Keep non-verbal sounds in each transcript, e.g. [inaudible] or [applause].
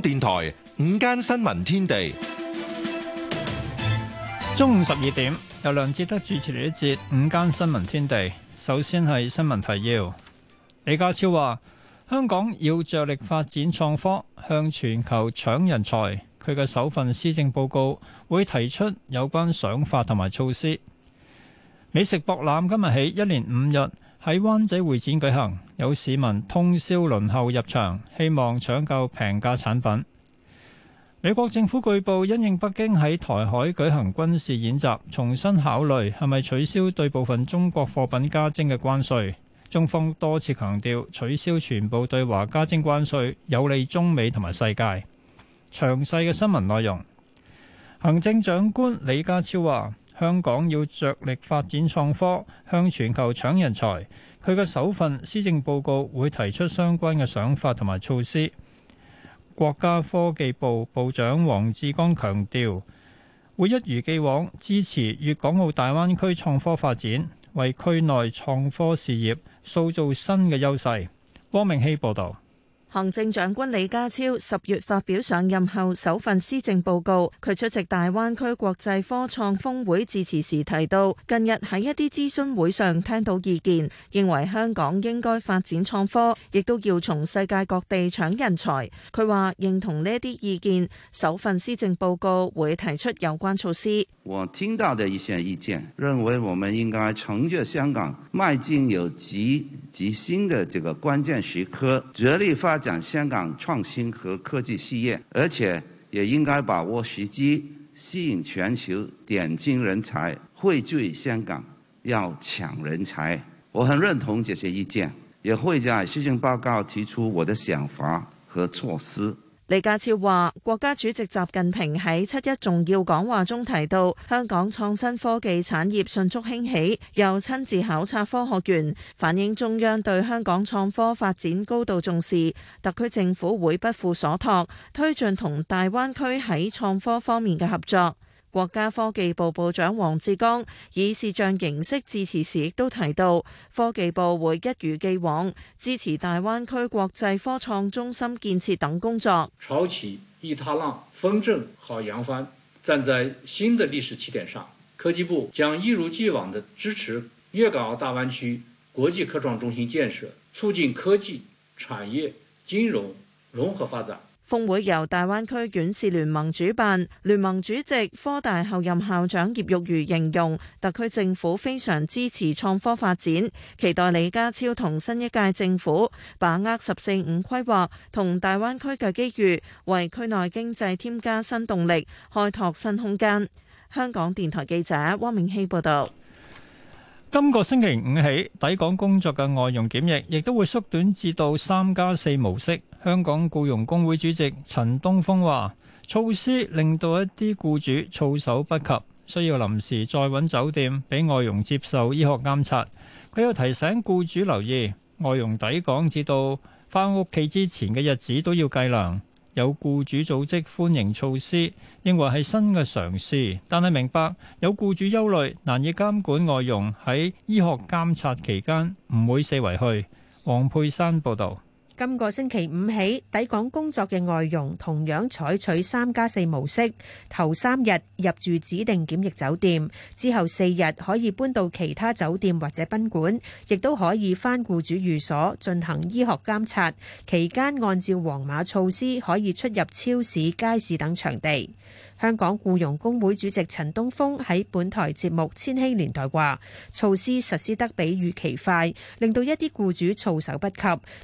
電台午間新聞天地，中午十二點由梁志德主持嚟一節午間新聞天地。首先係新聞提要，李家超話香港要着力發展創科，向全球搶人才。佢嘅首份施政報告會提出有關想法同埋措施。美食博覽今日起一連五日。喺灣仔會展舉行，有市民通宵輪候入場，希望搶購平價產品。美國政府據報因應北京喺台海舉行軍事演習，重新考慮係咪取消對部分中國貨品加徵嘅關稅。中方多次強調，取消全部對華加徵關稅有利中美同埋世界。詳細嘅新聞內容，行政長官李家超話。香港要着力發展創科，向全球搶人才。佢嘅首份施政報告會提出相關嘅想法同埋措施。國家科技部部長王志剛強調，會一如既往支持粵港澳大灣區創科發展，為區內創科事業塑造新嘅優勢。汪明希報道。行政長官李家超十月發表上任後首份施政報告，佢出席大灣區國際科創峰會致辭時提到，近日喺一啲諮詢會上聽到意見，認為香港應該發展創科，亦都要從世界各地搶人才。佢話認同呢啲意見，首份施政報告會提出有關措施。我聽到的一些意見，認為我們應該乘着香港邁進由治及興的這個關鍵時刻，着力發展。發展香港創新和科技事業，而且也應該把握時機，吸引全球頂尖人才匯聚香港，要搶人才。我很認同這些意見，也會在施政報告提出我的想法和措施。李家超話：國家主席習近平喺七一重要講話中提到，香港創新科技產業迅速興起，又親自考察科學園，反映中央對香港創科發展高度重視。特區政府會不負所託，推進同大灣區喺創科方面嘅合作。國家科技部部長王志剛以視像形式致辭時亦都提到，科技部會一如既往支持大灣區國際科創中心建設等工作。潮起一踏浪，風正好揚帆。站在新的歷史起點上，科技部將一如既往的支持粵港澳大灣區國際科創中心建設，促進科技、產業、金融融合發展。峰會由大灣區院士聯盟主辦，聯盟主席科大候任校長葉玉如形容，特區政府非常支持創科發展，期待李家超同新一屆政府把握十四五規劃同大灣區嘅機遇，為區內經濟添加新動力，開拓新空間。香港電台記者汪明熙報道。今個星期五起，抵港工作嘅外傭檢疫亦都會縮短至到三加四模式。香港雇傭工會主席陳東峰話，措施令到一啲雇主措手不及，需要臨時再揾酒店俾外傭接受醫學監察。佢又提醒雇主留意，外傭抵港至到返屋企之前嘅日子都要計量。有雇主組織歡迎措施，認為係新嘅嘗試，但係明白有雇主憂慮，難以監管外傭喺醫學監察期間唔會四圍去。黃佩珊報道。今個星期五起，抵港工作嘅外傭同樣採取三加四模式，頭三日入住指定檢疫酒店，之後四日可以搬到其他酒店或者賓館，亦都可以返雇主寓所進行醫學監察。期間按照黃碼措施，可以出入超市、街市等場地。香港僱傭工會主席陳東峰喺本台節目《千禧年代》話，措施實施得比預期快，令到一啲僱主措手不及，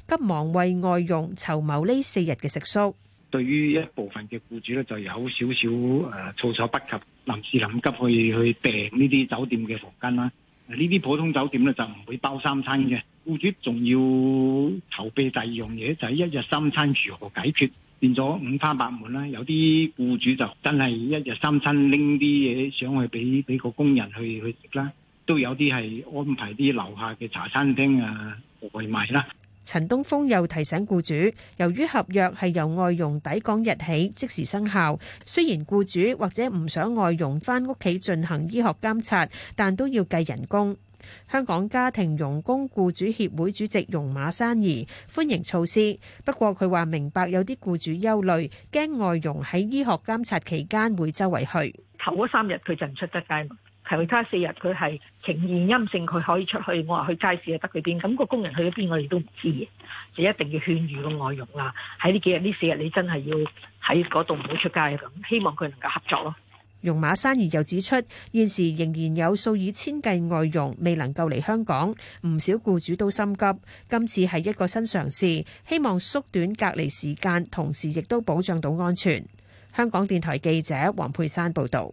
急忙為外傭籌謀呢四日嘅食宿。對於一部分嘅僱主咧，就有少少誒措手不及，臨時臨急去去訂呢啲酒店嘅房間啦。呢啲普通酒店咧，就唔會包三餐嘅，僱主仲要籌備第二樣嘢，就係一日三餐如何解決。變咗五花八門啦，有啲雇主就真係一日三餐拎啲嘢上去俾俾個工人去去食啦，都有啲係安排啲樓下嘅茶餐廳啊外賣啦。陳東峰又提醒雇主，由於合約係由外傭抵港日起即時生效，雖然雇主或者唔想外傭翻屋企進行醫學監察，但都要計人工。香港家庭傭工雇主協會主席容馬珊兒，歡迎措施，不過佢話明白有啲雇主憂慮，驚外傭喺醫學監察期間會周圍去。頭嗰三日佢就唔出得街，其他四日佢係呈現陰性，佢可以出去。我話去街市啊，得佢邊？咁個工人去咗邊，我哋都唔知嘅，就一定要勸喻個外傭啦。喺呢幾日呢四日，你真係要喺嗰度唔好出街。咁希望佢能夠合作咯。容馬山兒又指出，現時仍然有數以千計外傭未能夠嚟香港，唔少雇主都心急。今次係一個新嘗試，希望縮短隔離時間，同時亦都保障到安全。香港電台記者黃佩珊報導，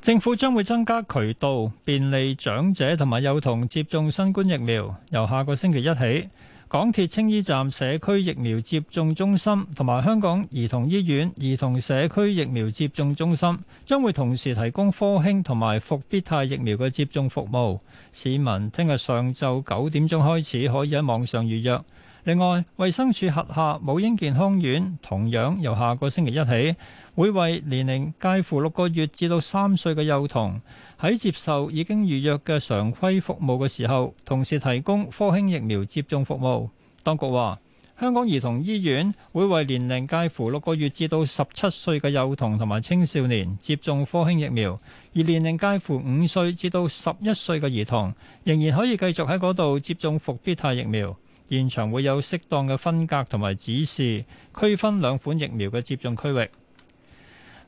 政府將會增加渠道便利長者同埋幼童接種新冠疫苗，由下個星期一起。港鐵青衣站社區疫苗接種中心同埋香港兒童醫院兒童社區疫苗接種中心將會同時提供科興同埋復必泰疫苗嘅接種服務。市民聽日上晝九點鐘開始，可以喺網上預約。另外，衛生署轄下母嬰健康院同樣由下個星期一起，會為年齡介乎六個月至到三歲嘅幼童喺接受已經預約嘅常規服務嘅時候，同時提供科興疫苗接種服務。當局話，香港兒童醫院會為年齡介乎六個月至到十七歲嘅幼童同埋青少年接種科興疫苗，而年齡介乎五歲至到十一歲嘅兒童仍然可以繼續喺嗰度接種伏必泰疫苗。現場會有適當嘅分隔同埋指示，區分兩款疫苗嘅接種區域。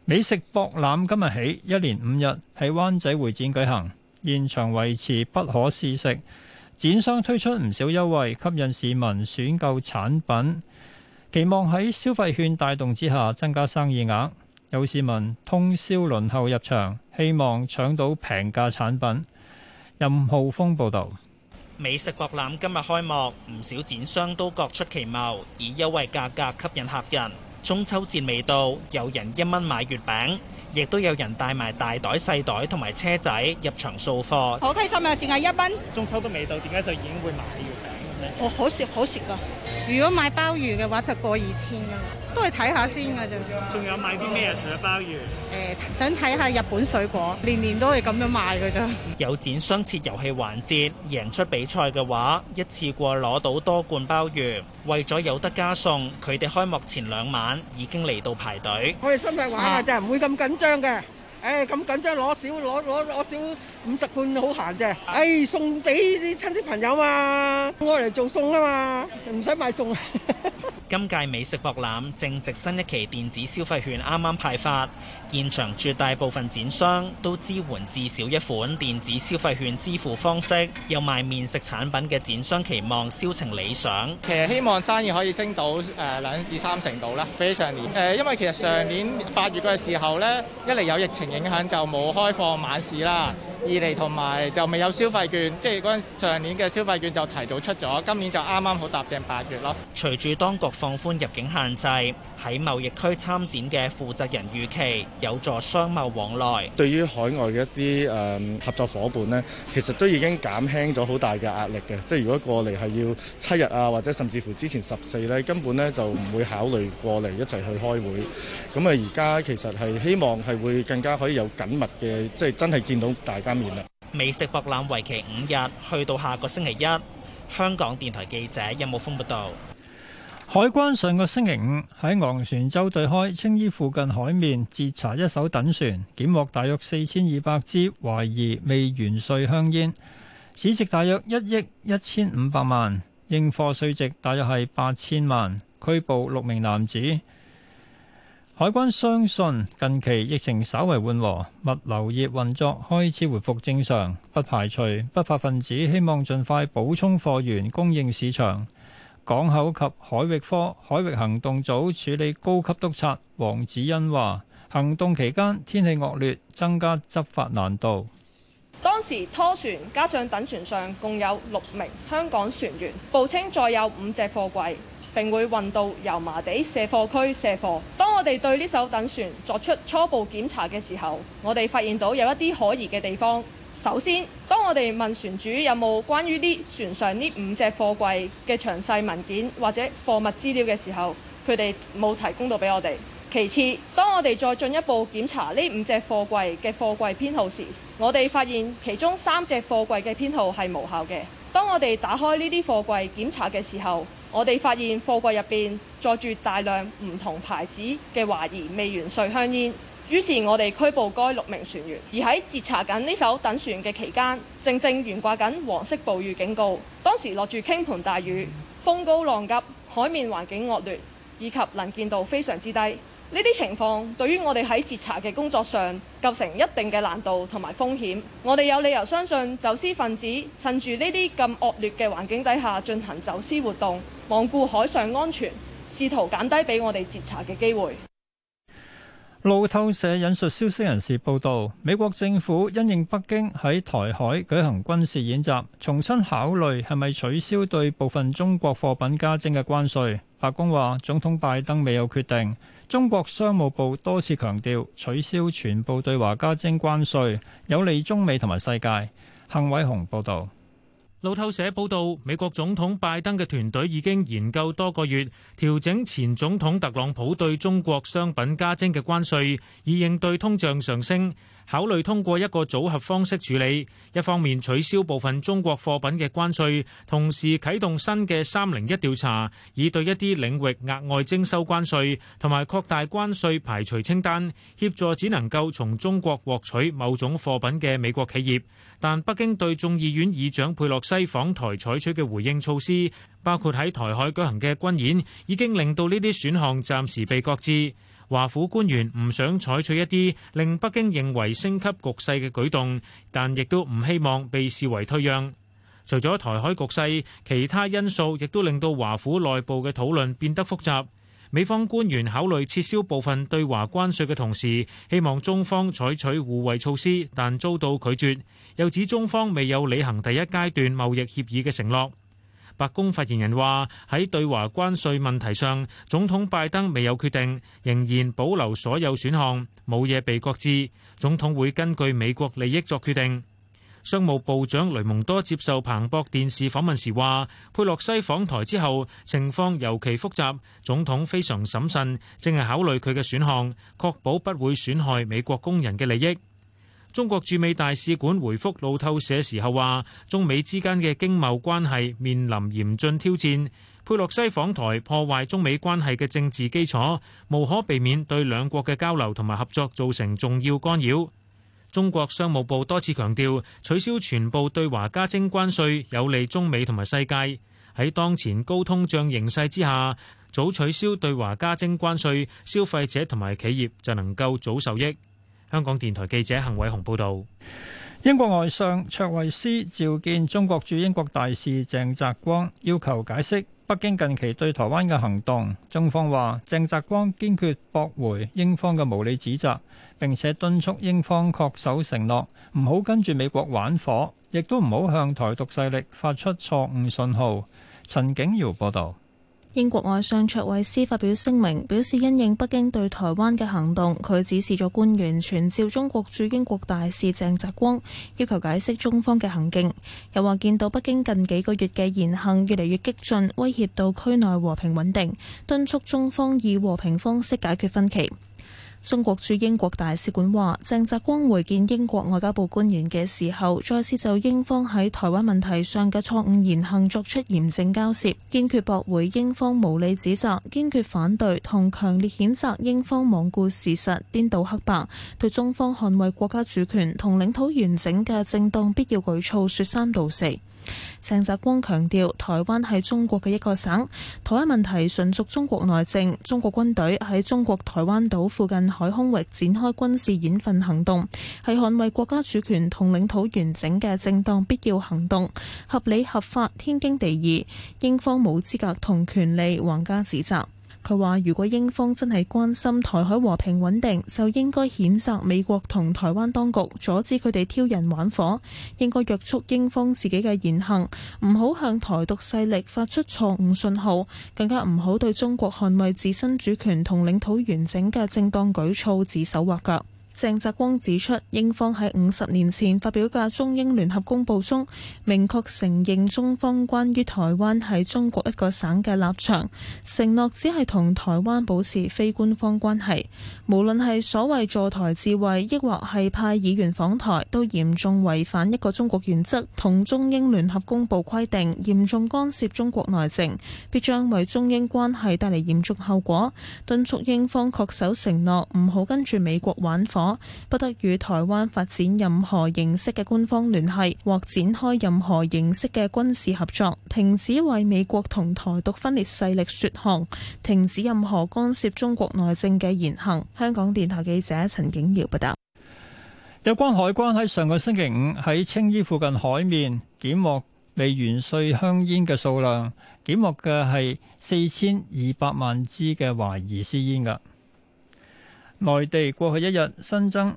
美食博覽今日起一連五日喺灣仔會展舉行，現場維持不可試食。展商推出唔少優惠，吸引市民選購產品，期望喺消費券帶動之下增加生意額。有市民通宵輪候入場，希望搶到平價產品。任浩峰報導。美食博覽今日開幕，唔少展商都各出奇謀，以優惠價格吸引客人。中秋節未到，有人一蚊買月餅，亦都有人帶埋大袋細袋同埋車仔入場掃貨。好開心啊！淨係一蚊，中秋都未到，點解就已經會買月餅呢？我好食，好食㗎，如果買鮑魚嘅話，就過二千啦。都係睇下先嘅啫。仲有買啲咩啊？除咗鮑魚，誒、呃、想睇下日本水果，年年都係咁樣賣嘅啫。有展商設遊戲環節，贏出比賽嘅話，一次過攞到多罐鮑魚。為咗有得加送，佢哋開幕前兩晚已經嚟到排隊。我哋心裏玩下啫，唔、嗯、會咁緊張嘅。誒，咁緊張攞少，攞攞攞少五十半好閒啫！誒，送俾啲親戚朋友嘛，我嚟做餸啊嘛，唔使買餸。 [laughs] 今屆美食博覽正值新一期電子消費券啱啱派發，現場絕大部分展商都支援至少一款電子消費券支付方式，又賣麵食產品嘅展商期望銷情理想。其實希望生意可以升到誒兩至三成度啦，比起上年誒、呃，因為其實上年八月嘅時候咧，一嚟有疫情。影響就冇開放晚市啦。二嚟同埋就未有消費券，即係嗰陣上年嘅消費券就提早出咗，今年就啱啱好搭正八月咯。隨住當局放寬入境限制，喺貿易區參展嘅負責人預期有助商貿往來，對於海外嘅一啲誒、嗯、合作夥伴咧，其實都已經減輕咗好大嘅壓力嘅。即係如果過嚟係要七日啊，或者甚至乎之前十四咧，根本咧就唔會考慮過嚟一齊去開會，咁啊，而家其實係希望係會更加可以有緊密嘅，即係真係見到大家。美食博覽為期五日，去到下個星期一。香港電台記者任慕峰報道：海關上個星期五喺昂船洲對開青衣附近海面截查一艘躉船，檢獲大約四千二百支懷疑未完稅香煙，市值大約一億一千五百萬，應課稅值大約係八千萬，拘捕六名男子。海關相信近期疫情稍為緩和，物流業運作開始回復正常，不排除不法分子希望盡快補充貨源供應市場。港口及海域科海域行動組處理高級督察黃子欣話：行動期間天氣惡劣，增加執法難度。當時拖船加上等船上共有六名香港船員，報稱再有五隻貨櫃，並會運到油麻地卸貨區卸貨。當我哋對呢艘等船作出初步檢查嘅時候，我哋發現到有一啲可疑嘅地方。首先，當我哋問船主有冇關於呢船上呢五隻貨櫃嘅詳細文件或者貨物資料嘅時候，佢哋冇提供到俾我哋。其次，當我哋再進一步檢查呢五隻貨櫃嘅貨櫃編號時，我哋發現其中三隻貨櫃嘅編號係無效嘅。當我哋打開呢啲貨櫃檢查嘅時候，我哋發現貨櫃入邊載住大量唔同牌子嘅懷疑未完稅香煙。於是，我哋拘捕該六名船員。而喺截查緊呢艘等船嘅期間，正正懸掛緊黃色暴雨警告。當時落住傾盆大雨，風高浪急，海面環境惡劣，以及能見度非常之低。呢啲情況對於我哋喺截查嘅工作上構成一定嘅難度同埋風險。我哋有理由相信走私分子趁住呢啲咁惡劣嘅環境底下進行走私活動，罔顧海上安全，試圖減低俾我哋截查嘅機會。路透社引述消息人士報道，美國政府因應北京喺台海舉行軍事演習，重新考慮係咪取消對部分中國貨品加徵嘅關稅，白宮話總統拜登未有決定。中國商務部多次強調取消全部對華加徵關稅有利中美同埋世界。幸偉雄報道。路透社報道，美國總統拜登嘅團隊已經研究多個月，調整前總統特朗普對中國商品加徵嘅關稅，以應對通脹上升。考慮通過一個組合方式處理，一方面取消部分中國貨品嘅關稅，同時啟動新嘅三零一調查，以對一啲領域額外徵收關稅，同埋擴大關稅排除清單，協助只能夠從中國獲取某種貨品嘅美國企業。但北京對眾議院議長佩洛西訪台採取嘅回應措施，包括喺台海舉行嘅軍演，已經令到呢啲選項暫時被擱置。華府官員唔想採取一啲令北京認為升級局勢嘅舉動，但亦都唔希望被視為退讓。除咗台海局勢，其他因素亦都令到華府內部嘅討論變得複雜。美方官員考慮撤銷部分對華關稅嘅同時，希望中方採取互惠措施，但遭到拒絕，又指中方未有履行第一階段貿易協議嘅承諾。白宮發言人話喺對華關稅問題上，總統拜登未有決定，仍然保留所有選項，冇嘢被擱置。總統會根據美國利益作決定。商務部長雷蒙多接受彭博電視訪問時話，佩洛西訪台之後，情況尤其複雜，總統非常審慎，正係考慮佢嘅選項，確保不會損害美國工人嘅利益。中國駐美大使館回覆路透社時候話：中美之間嘅經貿關係面臨嚴峻挑戰，佩洛西訪台破壞中美關係嘅政治基礎，無可避免對兩國嘅交流同埋合作造成重要干擾。中國商務部多次強調，取消全部對華加徵關稅有利中美同埋世界。喺當前高通脹形勢之下，早取消對華加徵關稅，消費者同埋企業就能夠早受益。香港電台記者恒偉雄報道，英國外相卓慧斯召見中國駐英國大使鄭澤光，要求解釋北京近期對台灣嘅行動。中方話，鄭澤光堅決駁回英方嘅無理指責，並且敦促英方恪守承諾，唔好跟住美國玩火，亦都唔好向台獨勢力發出錯誤信號。陳景瑤報道。英國外相卓慧斯發表聲明，表示因應北京對台灣嘅行動，佢指示咗官員傳召中國駐英國大使鄭澤光，要求解釋中方嘅行徑。又話見到北京近幾個月嘅言行越嚟越激進，威脅到區內和平穩定，敦促中方以和平方式解決分歧。中國駐英國大使館話，鄭澤光會見英國外交部官員嘅時候，再次就英方喺台灣問題上嘅錯誤言行作出嚴正交涉，堅決駁,駁回英方無理指責，堅決反對同強烈譴責英方罔顧事實、顛倒黑白，對中方捍衛國家主權同領土完整嘅正當必要舉措說三道四。鄭澤光強調，台灣係中國嘅一個省，台灣問題純屬中國內政。中國軍隊喺中國台灣島附近海空域展開軍事演訓行動，係捍衛國家主權同領土完整嘅正當必要行動，合理合法，天經地義。英方冇資格同權利橫加指責。佢話：如果英方真係關心台海和平穩定，就應該譴責美國同台灣當局阻止佢哋挑釁玩火，應該約束英方自己嘅言行，唔好向台獨勢力發出錯誤信號，更加唔好對中國捍衞自身主權同領土完整嘅正當舉措指手畫腳。鄭澤光指出，英方喺五十年前發表嘅中英聯合公報中，明確承認中方關於台灣係中國一個省嘅立場，承諾只係同台灣保持非官方關係。無論係所謂助台自衛，抑或係派議員訪台，都嚴重違反一個中國原則，同中英聯合公報規定，嚴重干涉中國內政，必將為中英關係帶嚟嚴重後果。敦促英方恪守承諾，唔好跟住美國玩火。不得與台灣發展任何形式嘅官方聯繫或展開任何形式嘅軍事合作，停止為美國同台獨分裂勢力說項，停止任何干涉中國內政嘅言行。香港電台記者陳景瑤報道。有關海關喺上個星期五喺青衣附近海面檢獲未完稅香煙嘅數量，檢獲嘅係四千二百萬支嘅懷疑私煙嘅。內地過去一日新增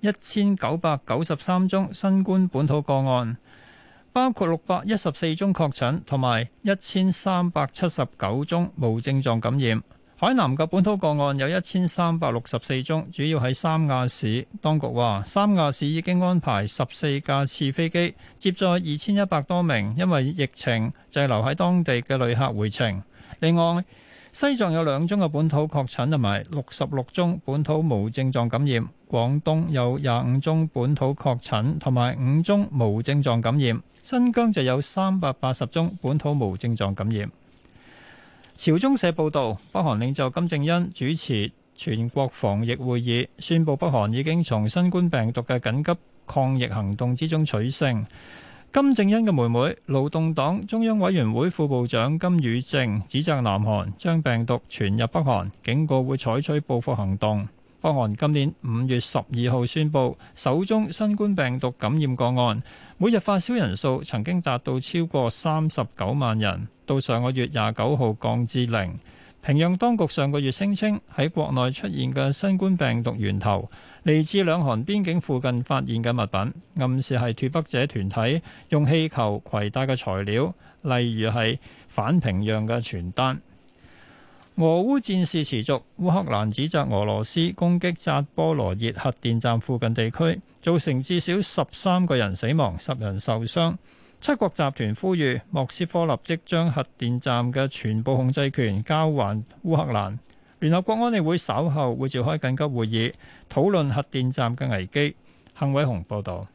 一千九百九十三宗新冠本土個案，包括六百一十四宗確診同埋一千三百七十九宗無症狀感染。海南嘅本土個案有一千三百六十四宗，主要喺三亞市。當局話，三亞市已經安排十四架次飛機接載二千一百多名因為疫情滯留喺當地嘅旅客回程。另外，西藏有兩宗嘅本土確診同埋六十六宗本土無症狀感染，廣東有廿五宗本土確診同埋五宗無症狀感染，新疆就有三百八十宗本土無症狀感染。朝中社報道，北韓領袖金正恩主持全國防疫會議，宣佈北韓已經從新冠病毒嘅緊急抗疫行動之中取勝。金正恩嘅妹妹、勞動黨中央委員會副部長金宇正指責南韓將病毒傳入北韓，警告會採取報復行動。北韓今年五月十二號宣布首宗新冠病毒感染個案，每日發燒人數曾經達到超過三十九萬人，到上個月廿九號降至零。平壤當局上個月聲稱喺國內出現嘅新冠病毒源頭。嚟自兩韓邊境附近發現嘅物品，暗示係脫北者團體用氣球攜帶嘅材料，例如係反平壤嘅傳單。俄烏戰事持續，烏克蘭指責俄羅斯攻擊扎波羅熱核電站附近地區，造成至少十三個人死亡、十人受傷。七國集團呼籲莫斯科立即將核電站嘅全部控制權交還烏克蘭。聯合國安理會稍後會召開緊急會議，討論核電站嘅危機。幸偉雄報道，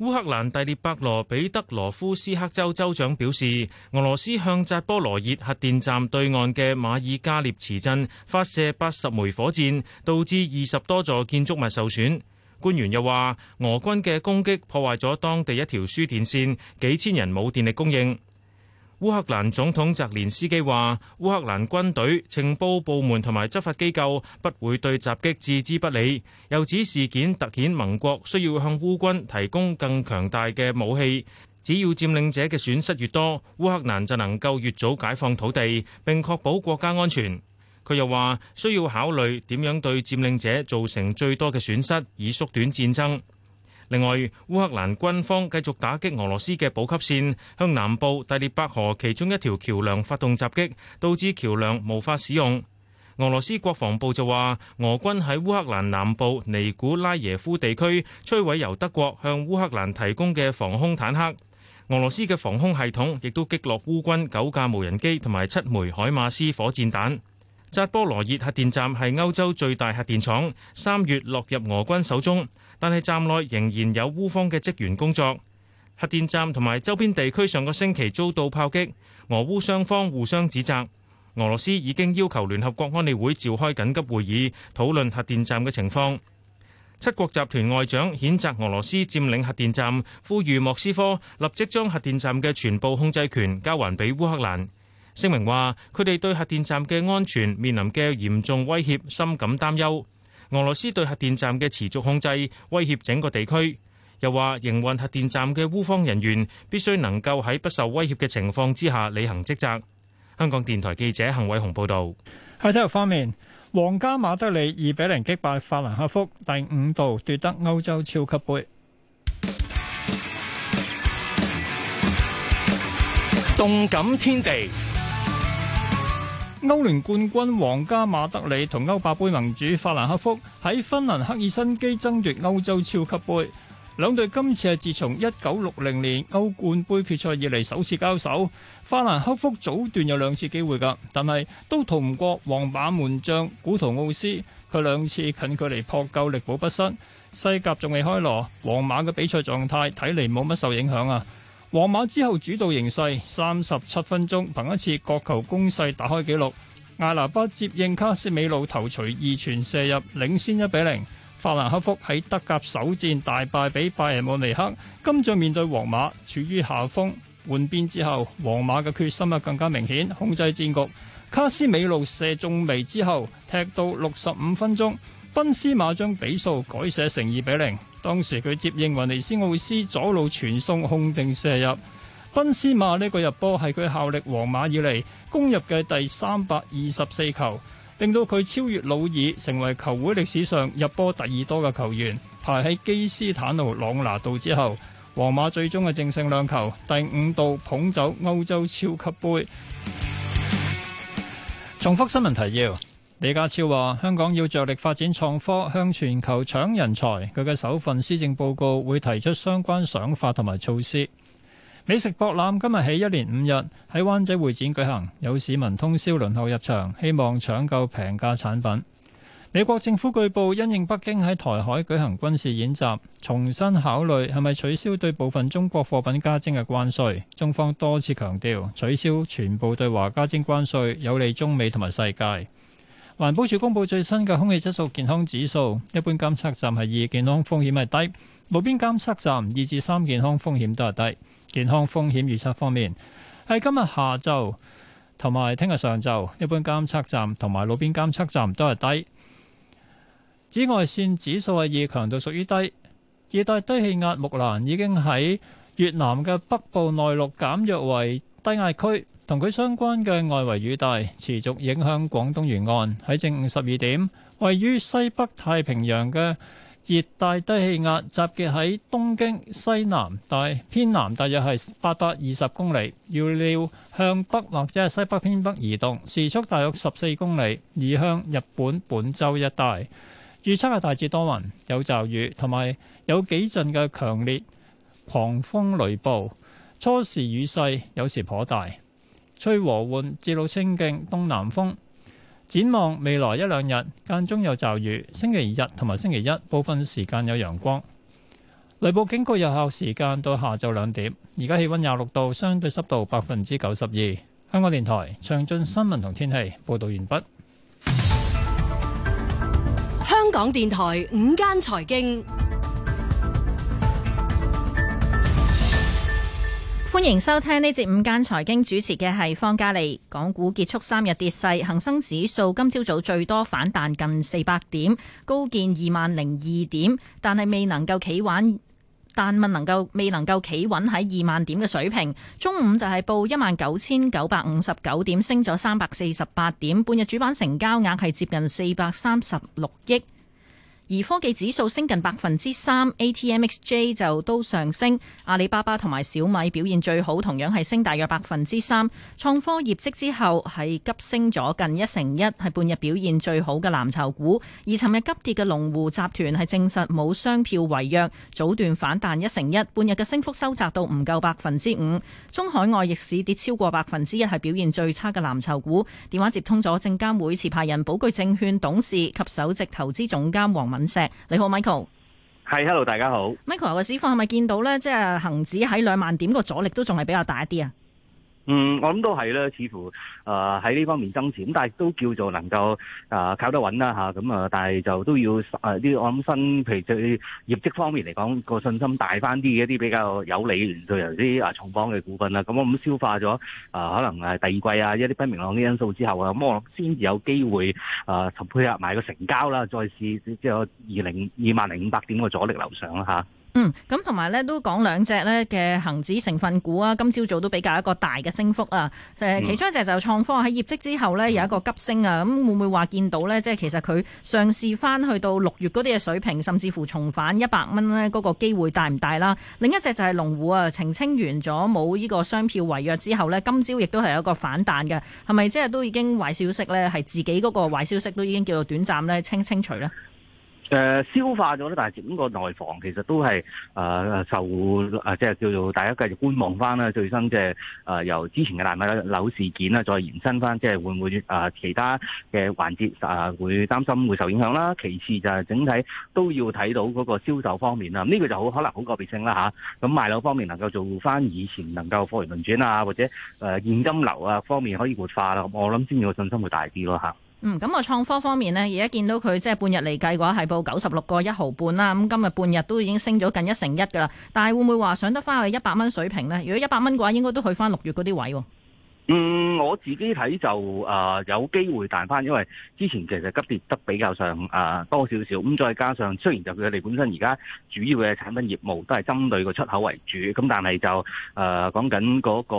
烏克蘭第聶伯羅彼得羅夫斯克州州長表示，俄羅斯向扎波羅熱核電站對岸嘅馬爾加列茨鎮發射八十枚火箭，導致二十多座建築物受損。官員又話，俄軍嘅攻擊破壞咗當地一條輸電線，幾千人冇電力供應。烏克蘭總統澤連斯基話：烏克蘭軍隊、情報部門同埋執法機構不會對襲擊置之不理。又指事件凸顯盟國需要向烏軍提供更強大嘅武器。只要佔領者嘅損失越多，烏克蘭就能夠越早解放土地，並確保國家安全。佢又話：需要考慮點樣對佔領者造成最多嘅損失，以縮短戰爭。另外，烏克蘭軍方繼續打擊俄羅斯嘅補給線，向南部大列伯河其中一條橋梁發動襲擊，導致橋梁無法使用。俄羅斯國防部就話，俄軍喺烏克蘭南部尼古拉耶夫地區摧毀由德國向烏克蘭提供嘅防空坦克。俄羅斯嘅防空系統亦都擊落烏軍九架無人機同埋七枚海馬斯火箭彈。扎波羅熱核電站係歐洲最大核電廠，三月落入俄軍手中，但係站內仍然有烏方嘅職員工作。核電站同埋周邊地區上個星期遭到炮擊，俄烏雙方互相指責。俄羅斯已經要求聯合國安理會召開緊急會議討論核電站嘅情況。七國集團外長譴責俄羅斯佔領核電站，呼籲莫斯科立即將核電站嘅全部控制權交還俾烏克蘭。聲明話：佢哋對核電站嘅安全面臨嘅嚴重威脅深感擔憂。俄羅斯對核電站嘅持續控制威脅整個地區。又話營運核電站嘅烏方人員必須能夠喺不受威脅嘅情況之下履行職責。香港電台記者幸偉雄報道：「喺體育方面，皇家馬德里二比零擊敗法蘭克福，第五度奪得歐洲超級杯。」「動感天地。歐聯冠軍皇家馬德里同歐霸杯盟主法蘭克福喺芬蘭克爾辛基爭奪歐洲超級杯，兩隊今次係自從一九六零年歐冠杯決賽以嚟首次交手。法蘭克福早段有兩次機會噶，但係都逃唔過皇馬門將古圖奧斯，佢兩次近距離撲救力保不失，西甲仲未開鑼，皇馬嘅比賽狀態睇嚟冇乜受影響啊。皇馬之後主導形勢，三十七分鐘憑一次角球攻勢打開紀錄。艾拿巴接應卡斯美路頭槌二傳射入，領先一比零。法蘭克福喺德甲首戰大敗俾拜仁慕尼克，今仗面對皇馬處於下風。換邊之後，皇馬嘅決心啊更加明顯，控制戰局。卡斯美路射中楣之後，踢到六十五分鐘。賓斯馬將比數改寫成二比零，當時佢接應雲尼斯奧斯左路傳送控定射入。賓斯馬呢個入波係佢效力皇馬以嚟攻入嘅第三百二十四球，令到佢超越魯爾，成為球會歷史上入波第二多嘅球員，排喺基斯坦奴朗拿度之後。皇馬最終係淨勝兩球，第五度捧走歐洲超級盃。重複新聞提要。李家超話，香港要着力發展創科，向全球搶人才。佢嘅首份施政報告會提出相關想法同埋措施。美食博覽今日起一連五日喺灣仔會展舉行，有市民通宵輪候入場，希望搶購平價產品。美國政府據報因應北京喺台海舉行軍事演習，重新考慮係咪取消對部分中國貨品加徵嘅關稅。中方多次強調，取消全部對華加徵關稅有利中美同埋世界。環保署公布最新嘅空氣質素健康指數，一般監測站係二，健康風險係低；路邊監測站二至三，健康風險都係低。健康風險預測方面，喺今日下晝同埋聽日上晝，一般監測站同埋路邊監測站都係低。紫外線指數係二，強度屬於低。熱帶低氣壓木蘭已經喺越南嘅北部內陸減弱為低壓區。同佢相關嘅外圍雨帶持續影響廣東沿岸。喺正午十二點，位於西北太平洋嘅熱帶低氣壓集結喺東京西南大偏南，大約係八百二十公里，預料向北或者係西北偏北移動，時速大約十四公里，移向日本本州一帶。預測係大致多雲，有驟雨，同埋有，有幾陣嘅強烈狂風雷暴，初時雨勢有時頗大。吹和緩，至路清勁，東南風。展望未來一兩日，間中有驟雨。星期日同埋星期一，部分時間有陽光。雷暴警告有效時間到下晝兩點。而家氣温廿六度，相對濕度百分之九十二。香港電台詳盡新聞同天氣報道完畢。香港電台午間財經。歡迎收聽呢節午間財經主持嘅係方嘉利。港股結束三日跌勢，恒生指數今朝早,早最多反彈近四百點，高見二萬零二點，但係未能夠企穩，但係能夠未能夠企穩喺二萬點嘅水平。中午就係報一萬九千九百五十九點，升咗三百四十八點，半日主板成交額係接近四百三十六億。而科技指數升近百分之三，ATMXJ 就都上升。阿里巴巴同埋小米表現最好，同樣係升大約百分之三。創科業績之後係急升咗近一成一，係半日表現最好嘅藍籌股。而尋日急跌嘅龍湖集團係證實冇商票違約，早段反彈一成一，半日嘅升幅收窄到唔夠百分之五。中海外逆市跌超過百分之一，係表現最差嘅藍籌股。電話接通咗證監會持牌人保具證券董事及首席投資總監黃。隕石，你好，Michael。係、hey，Hello，大家好。Michael，我嘅市況係咪見到咧？即係恒指喺兩萬點個阻力都仲係比較大一啲啊。嗯，我諗都係咧，似乎誒喺呢方面增持，咁但係都叫做能夠誒、呃、靠得穩啦吓，咁啊，但係就都要誒啲、呃、我諗新，譬如對業績方面嚟講個信心大翻啲一啲比較有利嘅元素，由啲啊重磅嘅股份啦，咁我諗消化咗誒、啊、可能誒第二季啊一啲不明朗嘅因素之後啊，咁我先至有機會誒、啊、配合埋個成交啦，再試即係二零二萬零五百點嘅阻力樓上啦吓。啊嗯，咁同埋咧都講兩隻呢嘅恒指成分股啊，今朝早都比較一個大嘅升幅啊。誒，其中一隻就創科喺業績之後呢，有一個急升啊，咁會唔會話見到呢？即係其實佢上市翻，去到六月嗰啲嘅水平，甚至乎重返一百蚊呢，嗰個機會大唔大啦？另一隻就係龍湖啊，澄清完咗冇呢個商票違約之後呢，今朝亦都係有一個反彈嘅，係咪即係都已經壞消息呢？係自己嗰個壞消息都已經叫做短暫呢？清清除咧？誒，消化咗啦，但係整個內房其實都係誒、呃、受誒，即、呃、係叫做大家繼續觀望翻啦。最新即係誒由之前嘅爛尾樓事件啦，再延伸翻，即係會唔會誒、呃、其他嘅環節誒會擔心會受影響啦？其次就係整體都要睇到嗰個銷售方面啦。呢、這個就好可能好個別性啦吓。咁、啊、賣樓方面能夠做翻以前能夠貨圓輪轉啊，或者誒、呃、現金流啊方面可以活化啦。我諗先至有信心會大啲咯吓。啊嗯，咁我創科方面呢，而家見到佢即係半日嚟計嘅話，係報九十六個一毫半啦。咁今日半日都已經升咗近一成一噶啦。但係會唔會話上得翻去一百蚊水平呢？如果一百蚊嘅話，應該都去翻六月嗰啲位喎、哦。嗯，我自己睇就啊、呃、有機會彈翻，因為之前其實急跌得比較上啊、呃、多少少，咁再加上雖然就佢哋本身而家主要嘅產品業務都係針對個出口為主，咁但係就誒、呃、講緊嗰、嗰個、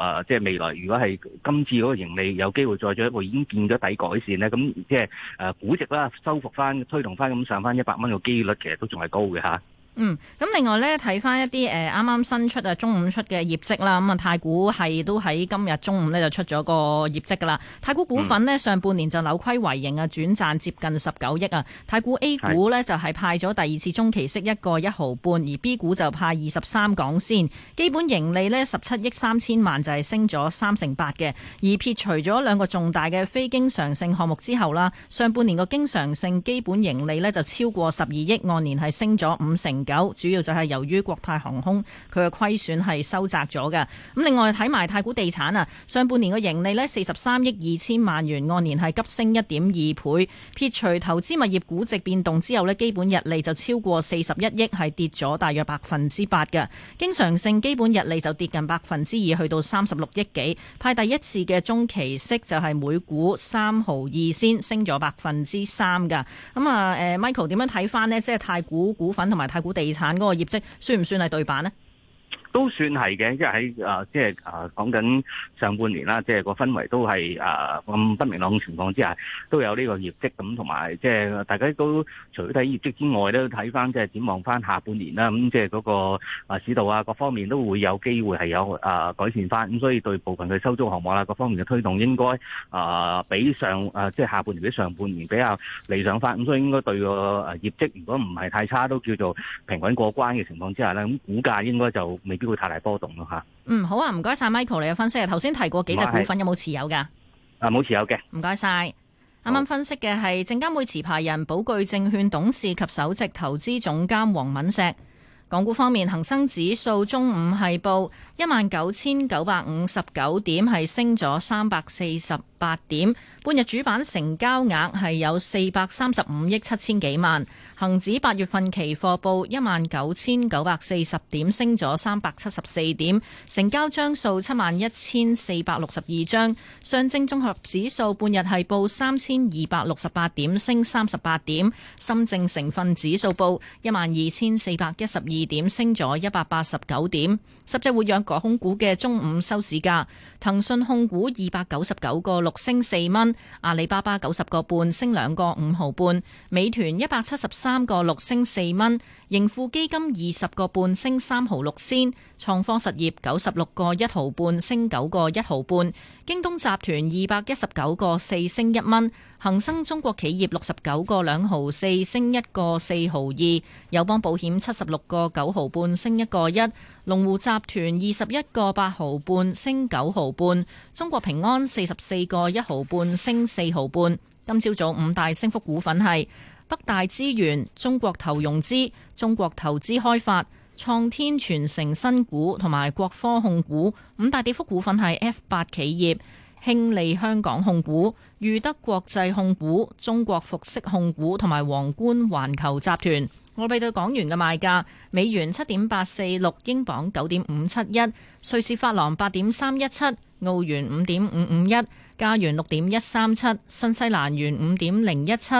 呃、即係未來，如果係今次嗰個盈利有機會再做一步已經見咗底改善咧，咁即係誒估值啦，收復翻推動翻咁上翻一百蚊嘅機率，其實都仲係高嘅嚇。嗯，咁另外咧睇翻一啲誒啱啱新出啊中午出嘅業績啦，咁啊太古系都喺今日中午呢就出咗個業績噶啦。太古股份呢，上半年就扭虧為盈啊，轉賺接近十九億啊。太古 A 股呢，就係派咗第二次中期息一個一毫半，而 B 股就派二十三港仙。基本盈利呢，十七億三千萬就係升咗三成八嘅，而撇除咗兩個重大嘅非經常性項目之後啦，上半年個經常性基本盈利呢，就超過十二億，按年係升咗五成。有主要就係由於國泰航空佢嘅虧損係收窄咗㗎。咁另外睇埋太古地產啊，上半年嘅盈利呢，四十三億二千萬元，按年係急升一點二倍。撇除投資物業估值變動之後呢，基本溢利就超過四十一億，係跌咗大約百分之八㗎。經常性基本溢利就跌近百分之二，去到三十六億幾。派第一次嘅中期息就係每股三毫二仙，升咗百分之三㗎。咁啊、嗯、Michael 點樣睇翻呢？即係太古股份同埋太古。地產嗰個業績，算唔算係對版呢？都算係嘅，即係喺誒即係誒講緊上半年啦，即係個氛圍都係誒咁不明朗嘅情況之下，都有呢個業績咁，同埋即係大家都除咗睇業績之外都睇翻即係展望翻下半年啦，咁即係嗰個啊市道啊各方面都會有機會係有誒、呃、改善翻，咁、嗯、所以對部分嘅收租項目啦，各方面嘅推動應該啊、呃、比上誒即係下半年比上半年比較理想翻，咁、嗯、所以應該對個誒業績如果唔係太差都叫做平穩過關嘅情況之下咧，咁、嗯、股價應該就未必。會太大波動咯吓。嗯，好啊，唔該晒，Michael 你嘅分析啊，頭先提過幾隻股份是有冇持有噶？啊，冇持有嘅。唔該晒。啱啱分析嘅係證監會持牌人寶钜證券董事及首席投資總監黃敏石。港股方面，恒生指數中午係報一萬九千九百五十九點，係升咗三百四十八點。半日主板成交額係有四百三十五億七千幾萬。恒指八月份期貨報一萬九千九百四十點，升咗三百七十四點，成交張數七萬一千四百六十二張。上證綜合指數半日係報三千二百六十八點，升三十八點。深證成分指數報一萬二千四百一十二。12, 二點升咗一百八十九點。十隻活躍港股嘅中午收市價：騰訊控股二百九十九個六升四蚊，阿里巴巴九十個半升兩個五毫半，美團一百七十三個六升四蚊，盈富基金二十個半升三毫六仙，創科實業九十六個一毫半升九個一毫半，京東集團二百一十九個四升一蚊，恒生中國企業六十九個兩毫四升一個四毫二，友邦保險七十六個九毫半升一個一，龍湖集集團二十一個八毫半升九毫半，中國平安四十四個一毫半升四毫半。今朝早，早五大升幅股份係北大資源、中國投融資、中國投資開發、創天全城新股同埋國科控股。五大跌幅股份係 F 八企業、興利香港控股、裕德國際控股、中國服飾控股同埋皇冠環球集團。外幣對港元嘅賣價：美元七點八四六，英鎊九點五七一，瑞士法郎八點三一七，澳元五點五五一，加元六點一三七，新西蘭元五點零一七，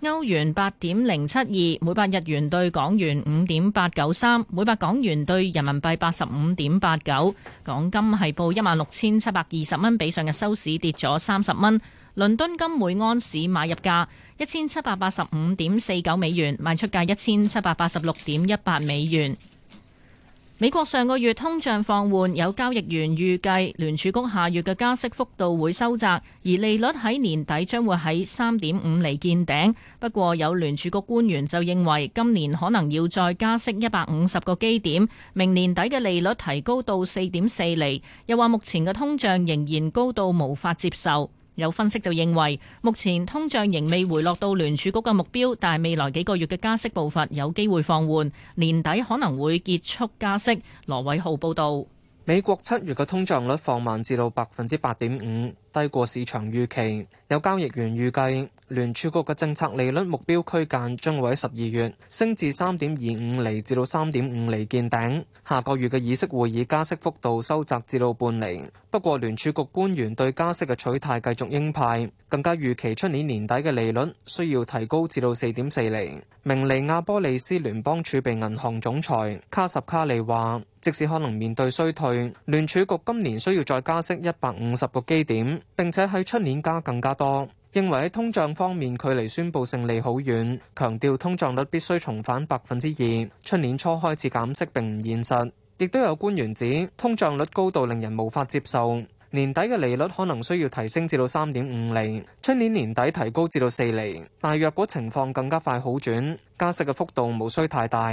歐元八點零七二，每百日元對港元五點八九三，每百港元對人民幣八十五點八九。港金係報一萬六千七百二十蚊，比上日收市跌咗三十蚊。倫敦金每安士買入價一千七百八十五點四九美元，賣出價一千七百八十六點一八美元。美國上個月通脹放緩，有交易員預計聯儲局下月嘅加息幅度會收窄，而利率喺年底將會喺三點五厘見頂。不過有聯儲局官員就認為今年可能要再加息一百五十個基點，明年底嘅利率提高到四點四厘。又話目前嘅通脹仍然高到無法接受。有分析就認為，目前通脹仍未回落到聯儲局嘅目標，但係未來幾個月嘅加息步伐有機會放緩，年底可能會結束加息。羅偉浩報導，美國七月嘅通脹率放慢至到百分之八點五，低過市場預期。有交易員預計，聯儲局嘅政策利率目標區間將會喺十二月升至三點二五厘至到三點五厘見頂。下個月嘅議息會議加息幅度收窄至到半厘。不過聯儲局官員對加息嘅取態繼續鷹派，更加預期出年年底嘅利率需要提高至到四點四厘。明尼亞波利斯聯邦儲備銀行總裁卡什卡利話：即使可能面對衰退，聯儲局今年需要再加息一百五十個基點，並且喺出年加更加多。認為喺通脹方面，距離宣布勝利好遠，強調通脹率必須重返百分之二。出年初開始減息並唔現實。亦都有官員指，通脹率高到令人無法接受，年底嘅利率可能需要提升至到三點五厘，出年年底提高至到四厘。但若果情況更加快好轉，加息嘅幅度無需太大。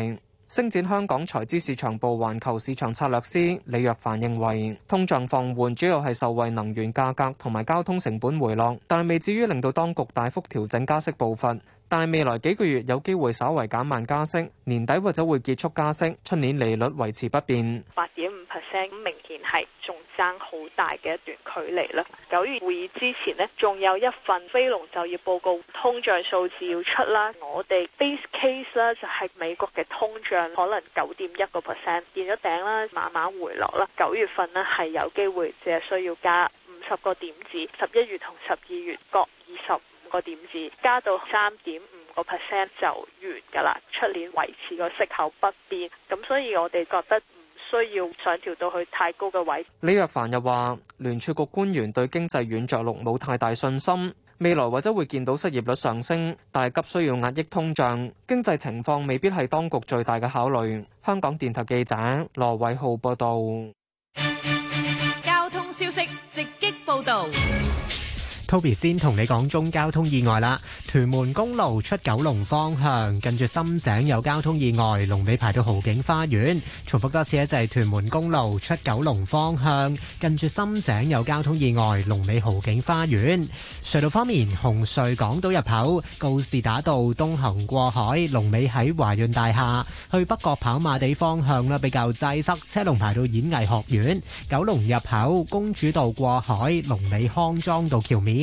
星展香港財資市場部環球市場策略師李若凡認為，通脹放緩主要係受惠能源價格同埋交通成本回落，但未至於令到當局大幅調整加息步伐。但係未來幾個月有機會稍為減慢加息，年底或者會結束加息，出年利率維持不變，八點五 percent，明顯係仲爭好大嘅一段距離啦。九月會議之前呢，仲有一份非農就業報告，通脹數字要出啦。我哋 base case 呢就係美國嘅通脹可能九點一個 percent 變咗頂啦，慢慢回落啦。九月份呢係有機會只係需要加五十個點子，十一月同十二月各二十。個點子加到三點五個 percent 就完噶啦。出年維持個息口不變，咁所以我哋覺得唔需要上調到去太高嘅位。李若凡又話，聯儲局官員對經濟軟着陸冇太大信心，未來或者會見到失業率上升，但係急需要壓抑通脹，經濟情況未必係當局最大嘅考慮。香港電台記者羅偉浩報道。交通消息直擊報道。Toby 先同你講中交通意外啦，屯門公路出九龍方向近住深井有交通意外，龍尾排到豪景花園。重複多次咧，就係屯門公路出九龍方向近住深井有交通意外，龍尾豪景花園。隧道方面，紅隧港島入口告士打道東行過海，龍尾喺華潤大廈去北角跑馬地方向啦，比較擠塞，車龍排到演藝學院。九龍入口公主道過海，龍尾康莊道橋面。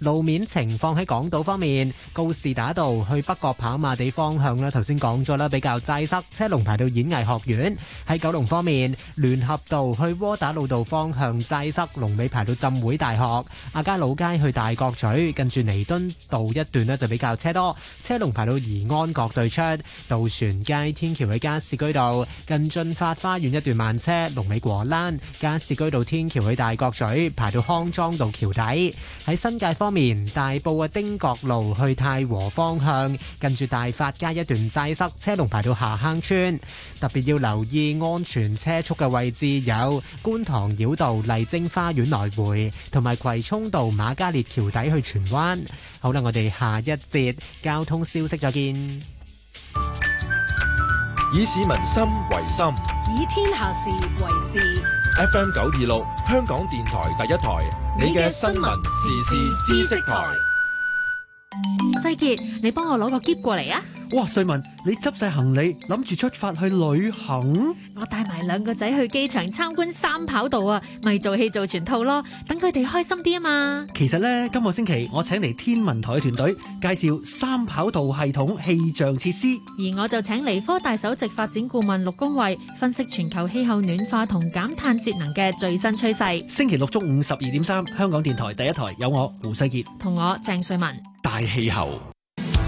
路面情況喺港島方面，告士打道去北角跑馬地方向咧，頭先講咗啦，比較擠塞，車龍排到演藝學院；喺九龍方面，聯合道去窩打老道方向擠塞，龍尾排到浸會大學；亞皆老街去大角咀，跟住彌敦道一段咧就比較車多，車龍排到怡安閣對出；渡船街天橋去加士居道，近駿發花園一段慢車，龍尾果欄；加士居道天橋去大角咀，排到康莊道橋底；喺新界方面，大埔嘅汀角路去太和方向，跟住大發街一段擠塞，車龍排到下坑村。特別要留意安全車速嘅位置有，有觀塘繞道麗晶花園來回，同埋葵涌道瑪嘉烈橋底去荃灣。好啦，我哋下一節交通消息再見。以市民心為心，以天下事為事。F M 九二六，26, 香港電台第一台，你嘅新聞時事知識台。世傑，你幫我攞個篋過嚟啊！哇！瑞文，你執晒行李，諗住出發去旅行？我帶埋兩個仔去機場參觀三跑道啊，咪做戲做全套咯，等佢哋開心啲啊嘛！其實呢，今個星期我請嚟天文台嘅團隊介紹三跑道系統氣象設施，而我就請嚟科大首席發展顧問陸恭蕙分析全球氣候暖化同減碳節能嘅最新趨勢。星期六中午十二點三，香港電台第一台有我胡世傑同我鄭瑞文大氣候。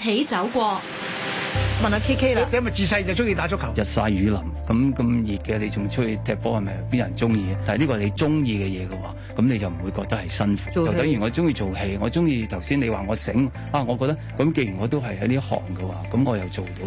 起走過，問阿 K K 啦。你咪自細就中意打足球。日曬雨淋咁咁熱嘅，你仲出去踢波，係咪邊人中意？但係呢個你中意嘅嘢嘅話，咁你就唔會覺得係辛苦。做戲。就等於我中意做戲，我中意頭先你話我醒啊，我覺得咁，既然我都係喺呢行嘅話，咁我又做到。